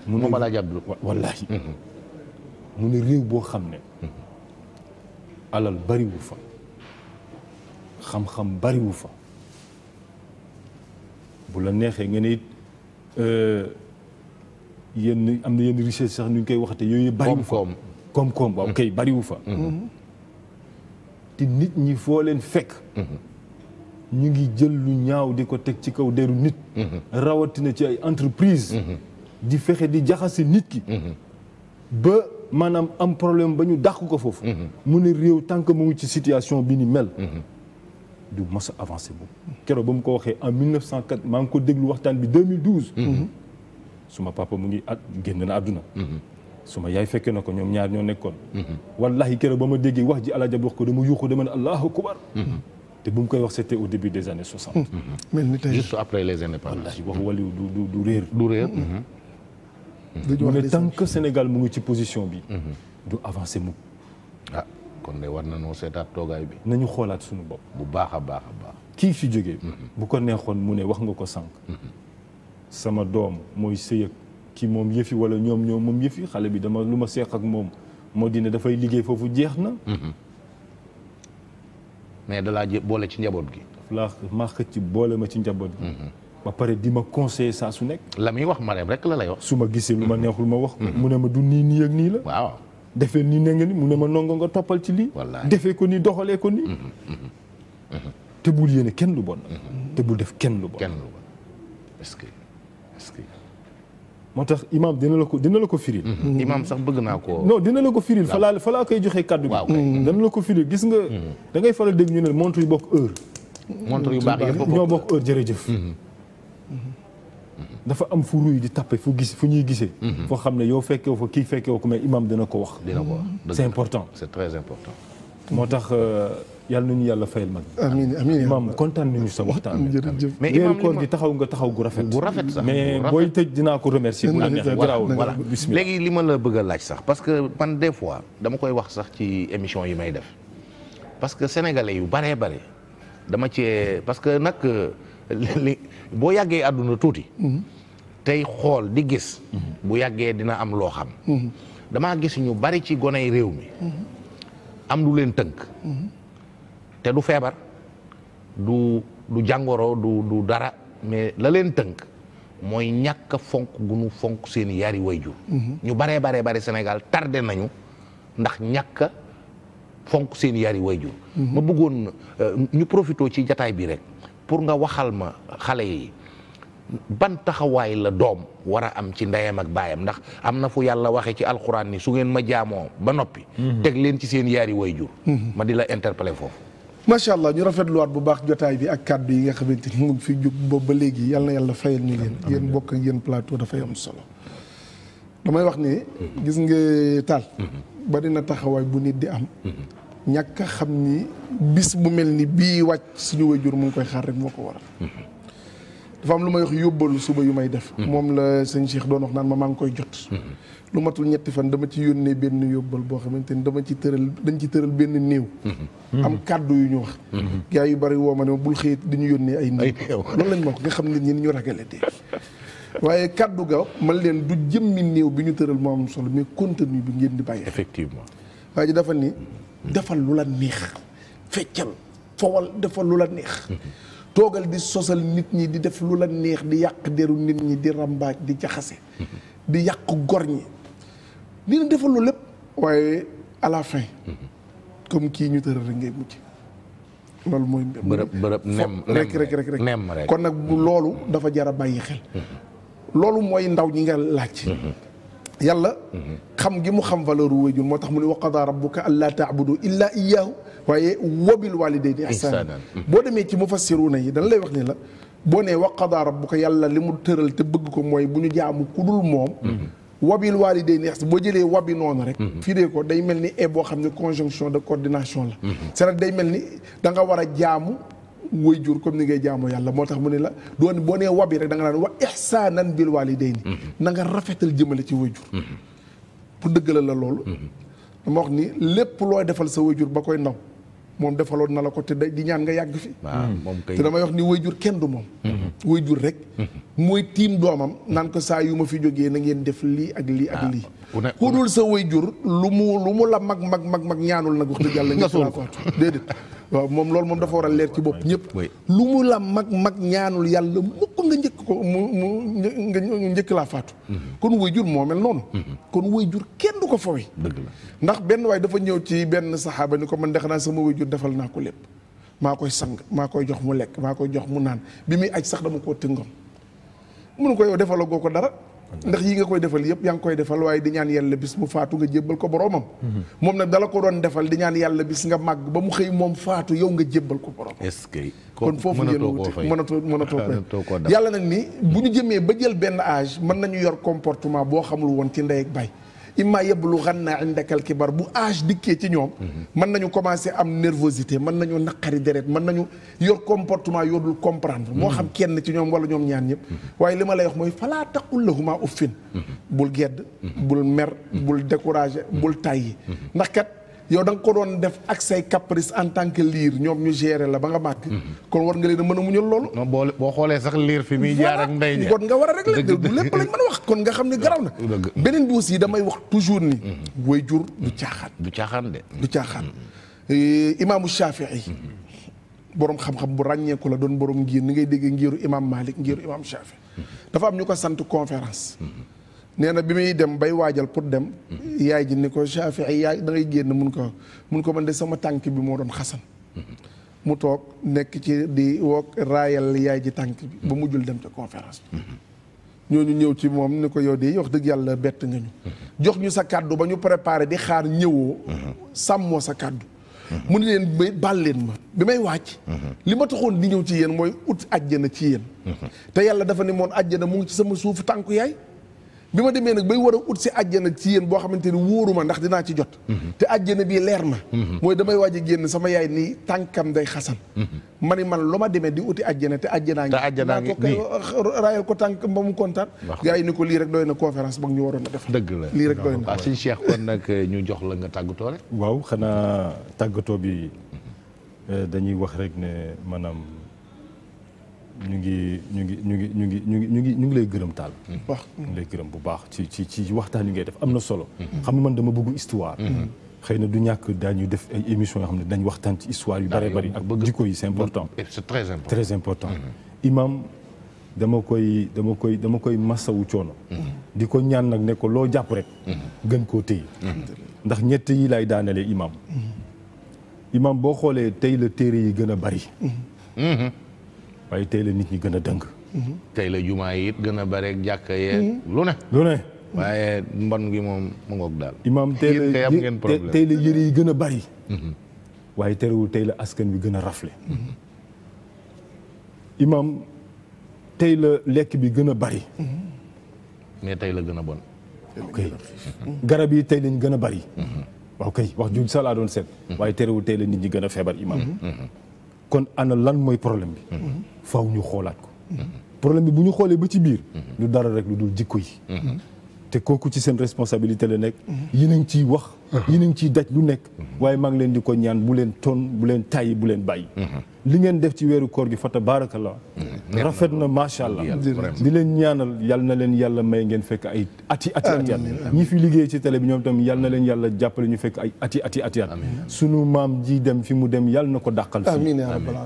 mu ne ma mu ne réew boo xam ne. alal bariwu fa. xam-xam bariwu fa. bu la neexee nga ne euh, yenn am na yenn richesse sax nu ñu koy waxate yooyu bariwu fa koom-koom waaw kay bariwu fa mm-hmm. Mm-hmm. te nit ñi foo leen fekk mm-hmm. ñu ngi jël lu ñaaw di ko teg ci kaw deru nit rawatina ci ay entreprise di fexe di jaxase nit ki ba maanaam am problème ba ñu dàq ko foofu mu ne réew tànk mu ngi ci situation bi ni mel du mos a avancé boobu keroog ba mu ko waxee en 1904 maa ngi ko déglu waxtaan bi suma papa mu ngi génn na àdduna mhm. suma yaay fekke na ko ñoom ñaar ñoo nekkoon mhm. wallahi keroog ba ma déggee wax ji alaajab wax ko dama yuuxu dama ne allahu akbar mhm. te bu mu koy wax seete au début des années soixante mel ni tey juste après les indépendances wax waliw du du réer du réer mu ne tant que Sénégal mu ngi ci position bi du avancé mu ah kon de war na nañoo seetaat toogaay bi nañu xoolaat suñu bopp bu baax a baax a baax kii fi jógee bu ko neexoon mu ne wax nga ko sànq sama doom mooy sëy ak ki moom yëfi wala ñoom ñoom moom yëfi xale bi dama lu ma seex ak moom moo dina dafay liggéey foofu jeex na. Mm-hmm. mais dalaa boole ci njaboot gi. la marque ci boole ma ci njaboot gi. Mm-hmm. ba pare di ma conseiller saa su nekk. la muy wax Marème rek la lay wax. su ma gisee lu ma mm-hmm. neexul ma wax. mu ne ma du nii nii ak nii la. waaw defee nii ne nga ni mu ne ma nongoo nga toppal ci lii. wallaay defee ko nii doxalee ko nii. te yéene kenn lu bon. te bul def kenn lu bon. moo tax imaam dina la ko dina la ko firil. Mhm. Mhm. imaam sax bëgg naa ko. non dina la ko firil fa laa fa laa koy joxee kàddu gi. Mhm. dana la ko firil gis nga. da ngay faral ñu ne montre yu bokk heure. ñoo bokk heure jërëjëf. dafa am fu ruy di tappe fu gis fu ñuy gisee. foo xam ne yow fekkee fa kii fekkee ko mais imaam dina ko wax. dina ko wax c'est important. moo tax. Euh, yàlla na ñu yàlla fayal mag amiin amiin imaam kontaan nañu sa waxtaan mais imaam koor gi taxaw nga taxaw gu rafet bu ko remercier bu léegi li ma la bëgg a laaj sax parce man des fois dama koy wax sax ci émission yi may def parce que yu baree bare dama cee parce que nag euh, boo yàggee àdduna tuuti tey xool di gis bu yàggee dina am loo xam mm-hmm. damaa gis ñu bari ci goney réew mi am lu leen tënk te du feebar du du jàngoro du du dara mais la leen tënk mooy ñàkk a fonk gu fonk seen yari wayjur mhm. ñu baree baree bari Sénégal tardé nañu ndax ñàkk fonk seen yari wayjur mhm. ma bëggoon euh, ñu profitoo ci jataay bi rek pour nga waxal ma xale yi ban taxawaay la doom war a am ci ndeyam ak baayam ndax am na fu yàlla waxee ci alxuraan ni su ngeen ma jaamoo ba noppi mhm. teg leen ci seen yaari wayjur ma di la interpeller foofu macha allah ñu rafetluwaat bu baax jotaay bi ak kàddu yi nga xamante ni mu ngi fi jóg boobu ba léegi yal na yàlla fayal ñu leen yéen bokk ak yéen plateau dafay am solo damay wax ni mm-hmm. gis nga taal mm-hmm. bari na taxawaay bu nit di am mm-hmm. ñàkk xam ni bis bu mel ni bii wàcc suñu wajur mu koy xaar rek moo ko waral dafa am lu may wax yóbbalu suba yu may def moom la sëñ Cheikh doon wax naan ma maa ngi koy jot lu matul ñetti fan dama ci yónnee benn yóbbal boo xamante ni dama ci tëral dañ ci tëral benn néew. Mm-hmm. am kàddu yu ñu wax. Mm-hmm. gaa yu bari woo ma ne bul xëyit di ñu yónnee ay néew. loolu lañ ma wax nga xam ne ñun ñu ragale dee. waaye kàddu ga man leen du jëmmi néew bi ñu tëral moo am solo mais contenu bi ngeen di bàyyi. effectivement waa ji dafa ni. Mm-hmm. defal lu la neex. feccal fowal defal lu la neex. toogal di sosal nit ñi di def lu la neex di yàq deru nit ñi di rambaaj di jaxase. di yàq gor ñi. dina defal loolu lépp waaye à la fin comme kii ñu tëral rek ngay mujj loolu mooy bërëb bërëb nem rek rek rek rek kon nag loolu dafa jar a bàyyi mm-hmm. loolu mooy ndaw ñi nga laaj mm-hmm. yàlla mm-hmm. xam gi mu xam valeur wu wayjur moo tax mu ne wa qadaa rabbuka allaa taabudu illaa iyaahu waaye wabil walidayni ihsaanan boo demee ci na yi dañ lay wax ni la boo nee wa qadaa rabbuka yàlla li mu tëral te bëgg ko mooy bu ñu jaamu ku moom wabil waalidayni ihsan boo jëlee wabi noonu rek. Mhm. fii firee ko day mel ni e boo xam ne conjonction de coordination la. Mhm. cest day mel ni danga war a jaamu way jur comme ni ngay jaamu yàlla moo tax mu ne la doon boo nee wabi rek da nga naan wa ihsanan bil waalidayni mhm. na nanga rafetal jëmale ci way jur. pour dëggalal la loolu. dama wax ni lépp looy defal sa way jur ba koy ndaw moom defaloon na la ko te di ñaan nga yàgg fi. te damay wax ni way jur kenn du moom. way rek. mooy tiim doomam naan ko saa yu ma fi jógee na ngeen def lii ak lii ak ah, lii ku dul sa way jur lu mu lu mu la mag mag mag mag ñaanul nag wax dëgg yàlla nga sool ko déedéet waaw moom loolu moom dafa war a leer ci bopp ñëpp lu mu la mag mag ñaanul yàlla mukk nga njëkk ko mu mu nga njëkk laa faatu mhm. kon way jur moo mel noonu mhm. kon way jur kenn du ko fawe ndax benn waay dafa ñëw ci benn saxaaba ni ko man dex naa sama way jur defal naa ko lépp maa koy sang maa koy jox mu lekk maa koy jox mu naan bi muy aj sax dama koo tëngoon mënu ko yow defaloo goo ko dara ndax yi nga koy defal yëpp yaa ngi koy defal waaye di ñaan yàlla bis mu faatu nga jébbal ko boroomam mhm. moom nag dala ko doon defal di ñaan yàlla bis nga màgg ba mu xëy moom faatu yow nga jébbal ko boroomam est kon foofu yéen wuti mënatoo mënatoo ko yàlla nag ni bu ñu jëmee ba jël benn age mën nañu yor comportement boo xamul woon ci ndey ak baay imma yeblu xan naa indakal kibar bu âge dikkee ci ñoom mën nañu commencé am nervosité mën nañu naqari deret mën nañu yor comportement yoodul comprendre moo xam kenn ci ñoom wala ñoom ñaan ñëpp waaye li ma lay wax mooy falaa taqul lahuma uffin bul gedd bul mer bul découragé bul tàyyi ndax kat yow da nga ko doon def ak say caprice en tant que liir ñoom ñu gérer la ba nga màgg. Mhm. kon war nga leen a mën a muñal loolu. non boo boo xoolee sax liir fi muy jaar ak ndey kon nga war a régler lépp lépp lañ mën wax kon nga xam ne garaw na. beneen bi aussi damay wax toujours ni. Mhm. way jur du mhm. caaxaan. du caaxaan de. du caaxaan euh, imaamu Shafii borom xam-xam bu ràññeeku la doon borom ngir ni ngay déggee ngiru imaam Malik ngiru imaam Shafii dafa am ñu ko sant conférence. nee na bi muy dem bay waajal pour dem. yaay ji ni ko Shaafi ay yaay da génn mun ko mun ko man de sama tànk bi moo doon xasan. mu toog nekk ci di woog raayal yaay ji tànk bi. ba mujjul dem ca conférence bi. ñoo ñu ñëw ci moom ni ko yow de wax dëgg yàlla bett nga ñu. jox ñu sa kàddu ba ñu préparé di xaar ñëwoo. sàmmoo sa kàddu. mu ni leen may baal leen ma bi may wàcc. li ma taxoon di ñëw ci yéen mooy ut àjjana ci yéen. te yàlla dafa ne moon àjjana mu ngi ci sama suufu tànku yaay. bi ma demee nag bay war a ut si àjjana ci yéen boo xamante ni wóoruma ndax dinaa ci jot mhm. te àjjana bii leer na mhm. mooy damay waaj a génn sama yaay nii tànkam day xasan mhm. ma ni man lu ma demee di uti àjjana te àjjanaa ngi naa ko kay raayal ko tànk ba mu kontaan gars yi ni ko lii rek doy na conférence ba ñu waroon a def dëgg la lii rek doy na waaw suñu Cheikh kon nag euh, ñu jox la nga tàggatoo rek waaw xanaa tàggatoo bi euh, dañuy wax rek ne maanaam ñu ngi ñu ngi ñu ngi ñu ngi ñu ngi ñu ngi ñu ngi lay gërëm taal. Mm-hmm. baax ñu ngi lay gërëm bu baax ci ci ci waxtaan yi ngee def am na solo. Mm-hmm. xam nga man dama bëgg histoire. Mm-hmm. xëy na du ñàkk daañu def ay émissions yoo xam ne dañ waxtaan ci histoire yu bari bari. ak bëgg jikko yi c'est important. c'est très important très important. imam dama koy dama koy dama koy masawu coono. di ko ñaan nag ne ko loo jàpp rek. gën koo téye. ndax ñett yi lay daanelee imam. imam boo xoolee tey la téere yi gën a bari. waaye tey la nit ñi gën a dëng. tey la jumaa yi it gën a bareeg jàkka yee. Mhm. lu ne lu ne. waaye mbon ngi moom mu ngoog daal. imaam tey la tey la yëre yi gën a bari. Mhm. waaye terewul tey la askan wi gën a rafle. Mhm. imaam tey la lekk bi gën a bari. mais tey la gën a bon. garab yi tey lañ gën a bari. waaw kay wax ju salaa doon seet. waaye terewul tey la nit ñi gën a feebar imaam. kon ana lan mooy problème bi. faaw ñu xoolaat ko. problème bi bu ñu xoolee ba ci biir. lu dara rek lu dul jikko yi. Mhm. te kooku ci seen responsabilité la nekk. yéen a ciy wax. yi nañ ciy daj lu nekk waaye maa ngi leen di ko ñaan bu leen ton bu leen tàyyi bu leen bàyyi li ngeen def ci weeru koor gi fa tabaarakallah rafet na macha allah di leen ñaanal yal na leen yàlla may ngeen fekk ay ati ati ati at ñi fi liggéey ci télé bi ñoom tam yal na leen yàlla jàppale ñu fekk ay ati ati ati at maam ji dem fi mu dem yal na ko dàqal fii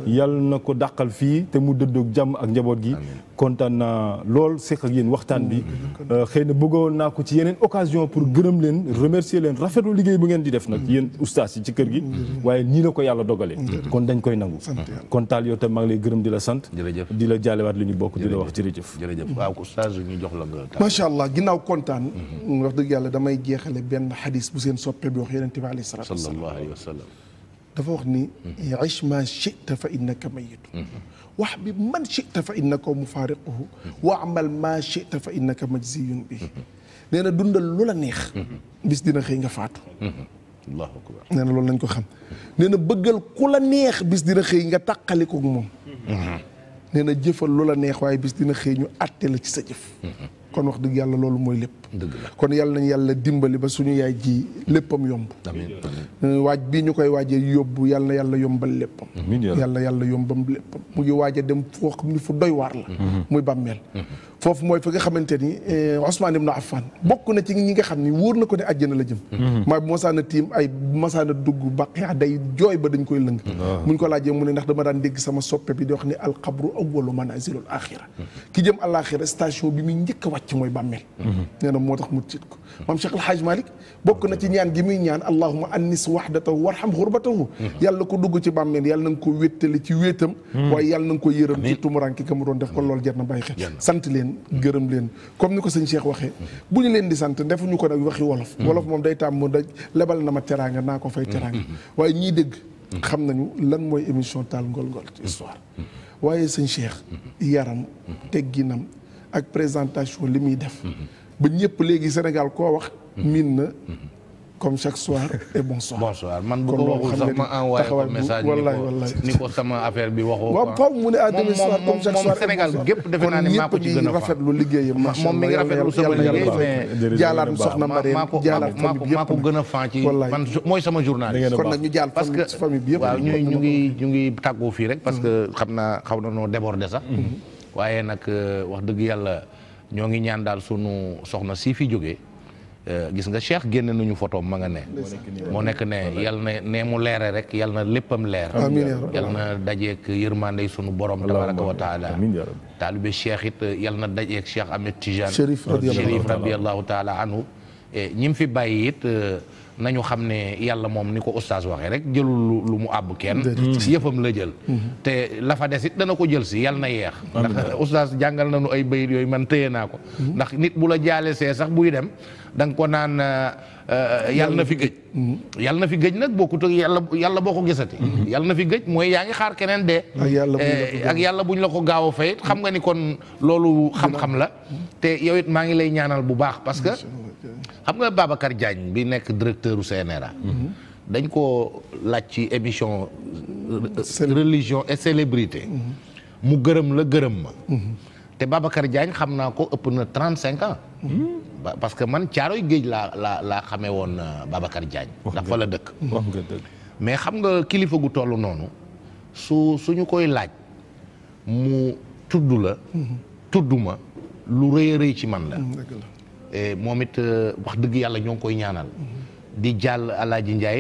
yal na ko dàqal fii te mu dëddoog jàmm ak njaboot gi kontaan naa lool seq ak yéen waxtaan bi mm-hmm. euh, xëy na bëggoon naa ko ci yeneen occasion pour gërëm leen remercier leen rafetlu liggéey bu ngeen di def nag mm-hmm. yéen ustaas yi ci kër gi mm-hmm. Mm-hmm. waaye nii la ko yàlla dogalee kon dañ koy nangu kon taal yow tam lay gërëm di la sant di la jaalewaat li ñu bokk di la wax jërëjëf jërëjëf waaw ustaas jox la nga macha allah ginnaaw kontaan mm, wax dëgg yàlla damay jeexale benn xadis bu seen soppe bi wax yonente bi alayhi salaatu wa salaam dafa wax ni ish ma chita fa innaka mayitu wax bi man chita fa innaka mufaariquhu wa amal ma chita fa innaka majziyun bi nee na dundal lu la neex bis dina xëy nga faatu allahu akbar nee na loolu nañ ko xam nee na bëggal ku la neex bis dina xëy nga tàqalikoog moom mhm. nee na jëfal lu la neex waaye bis dina xëy ñu àtte la ci sa jëf kon wax dëgg yàlla loolu mooy lépp. dëgg la kon yàlla nañu yàlla dimbali ba suñu yaay ji léppam yomb. amiin euh, waaj bi ñu koy waajee yóbbu yàlla yàlla yombal léppam. yàlla yàlla yombam léppam mu ngi waaj a dem fu doy waar la. Mm-hmm. muy bàmmeel. Mm-hmm. foofu mooy fi nga xamante ni euh, Ousmane Ibn Affan bokk na ci ñi nga xam ni wóor na ko ne àjjana la jëm. Mm-hmm. maa masaana tiim ay masaana dugg baqiya day jooy ba dañ koy lëng. muñ ah. ko laajee mu ne ndax dama daan dégg sama soppe bi di wax ni alxabru awwalu a ci mooy bàmmeel nee na moo tax mu tiit ko maam Cheikh El Hadj bokk na ci ñaan gi muy ñaan allahuma annis wahdatahu warham xurbatahu yàlla ko dugg ci bàmmeel yàlla na nga ko wéttali ci wéetam waaye yàlla na nga ko yërëm ci tumuranki ka mu doon def kon loolu jar na bàyyi xel sant leen gërëm leen comme ni ko sëñ Cheikh waxee bu ñu leen di sant defuñu ko nag waxi wolof wolof moom day tàmm da lebal na ma teraanga naa ko fay teraanga waaye ñii dégg xam nañu lan mooy émission taal ngol ngol ci waaye sëñ Cheikh yaram tegginam ak présentation li muy def. ba ñëpp léegi Sénégal koo wax. miin na. comme chaque soir et bonsoir. bonsoir man bu ko waxul sax ma envoyé ko message. wallaay wallaay ni sama affaire bi waxoo. waaw mu ne à demi soir comme chaque soir Sénégal gépp defe naa ne maa a moom mi gën a fan man mooy sama journaliste. kon nag ñu jaal parce que famille bi yëpp. waaw ñu ngi ñu ngi tàggoo fii rek parce que xam naa xaw na noo déborder sax. Mm-hmm. waaye nag euh, wax dëgg yàlla ñoo ngi ñaan daal sunu soxna si fi jóge euh, gis nga Cheikh génne nañu photo ma nga ne moo nekk ne yal na ne mu leere rek yal na léppam leer yal na dajeek yërmande sunu borom tabaraka wa taala taalibe Cheikh it euh, yal na dajeek Cheikh Ahmed Tijane Chérif radiallahu taala anhu ñi fi bàyyi it nañu xam ne yàlla moom ni ko oustaz waxee rek jëlul lu mu àbb kenn mm. Mm. si yëfam la jël mm-hmm. te la fa des dana ko jël si yàlla na yeex ndax oustaz jàngal nañu ay bayit yooyu man téye naa ko mm-hmm. ndax nit bu la jaale see sax buy dem da ko naan Euh, yàlla na fi gëj yàlla na fi gëj nag bokkut ak yàlla yàlla boo ko gisati yàlla na fi gëj mooy yaa ngi xaar keneen dee eh, ak yàlla buñ la ko gaaw a fayit xam nga ni kon loolu xam-xam la te yow it maa ngi lay ñaanal bu baax parce que xam nga Babacar Diagne bi nekk directeur u CNRA dañ koo laaj ci émission religion et célébrité mu gërëm la gërëm ma te Babacar Diagne xam naa ko ëpp na trente cinq ans. parce que man caaroy géej laa laa laa xamee woon euh, Babacar jaañ ndax fa la dëkk. mais xam nga kilifa gu toll noonu su suñu koy laaj mu tudd la. tudd ma lu rëy rëy ci man la. Mm-hmm. moom it euh, wax dëgg yàlla ñoo ngi koy ñaanal. Mm-hmm. di jàll Alaaji Njaay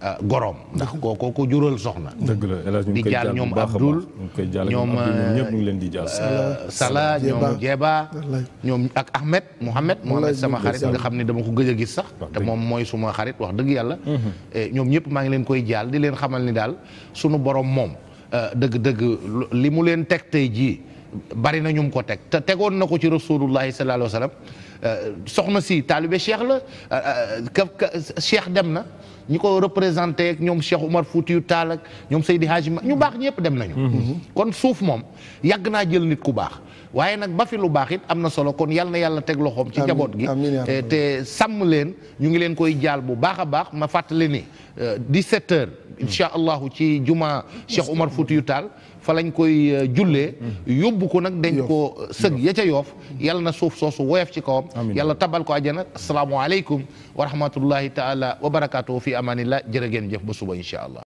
Euh, goroom ndax kooko ko jural soxna di jaal ñoom abdul ñoom euh, sala ñoom jeeba ñoom ak ahmed mouhamed mouhamed sama xarit nga xam ne dama ko gëj a gis sax te moom mooy suma xarit wax dëgg yàlla mhm. eh, ñoom ñëpp maa ngi leen koy jaal di leen xamal ni daal suñu borom moom euh, dëgg dëgg li mu leen teg tey jii bari na ñum ko teg te tegoon na ko ci rasulullahi sallallahu alayhi wa sallam Euh, soxna si taalibe Cheikh la euh, euh, ka Cheikh dem na ñi ko représenté ak ñoom Cheikh Umar yu Taal ak ñoom Seydi Hadji ñu baax ñëpp dem nañu. Mhm. Mhm. kon suuf moom yàgg naa jël nit ku baax. waaye nag ba fi lu baax it am na solo kon yal na yàlla teg loxoom. ci njaboot gi eh, te sàmm leen ñu ngi leen koy jaal bu baax a baax ma fàttali ni di h incha allahu ci juma Cheikh Umar yu Taal. fa koy euh, jullee mm-hmm. yóbbu ko nag dañ ko sëg ya ca yoof yàlla na suuf soosu woyof ci kawam yàlla tabal ko àjjana asalaamualeykum wa rahmatullahi taala wa barakaatu fi amaanillah jërë ngeen jëf ba suba incha allah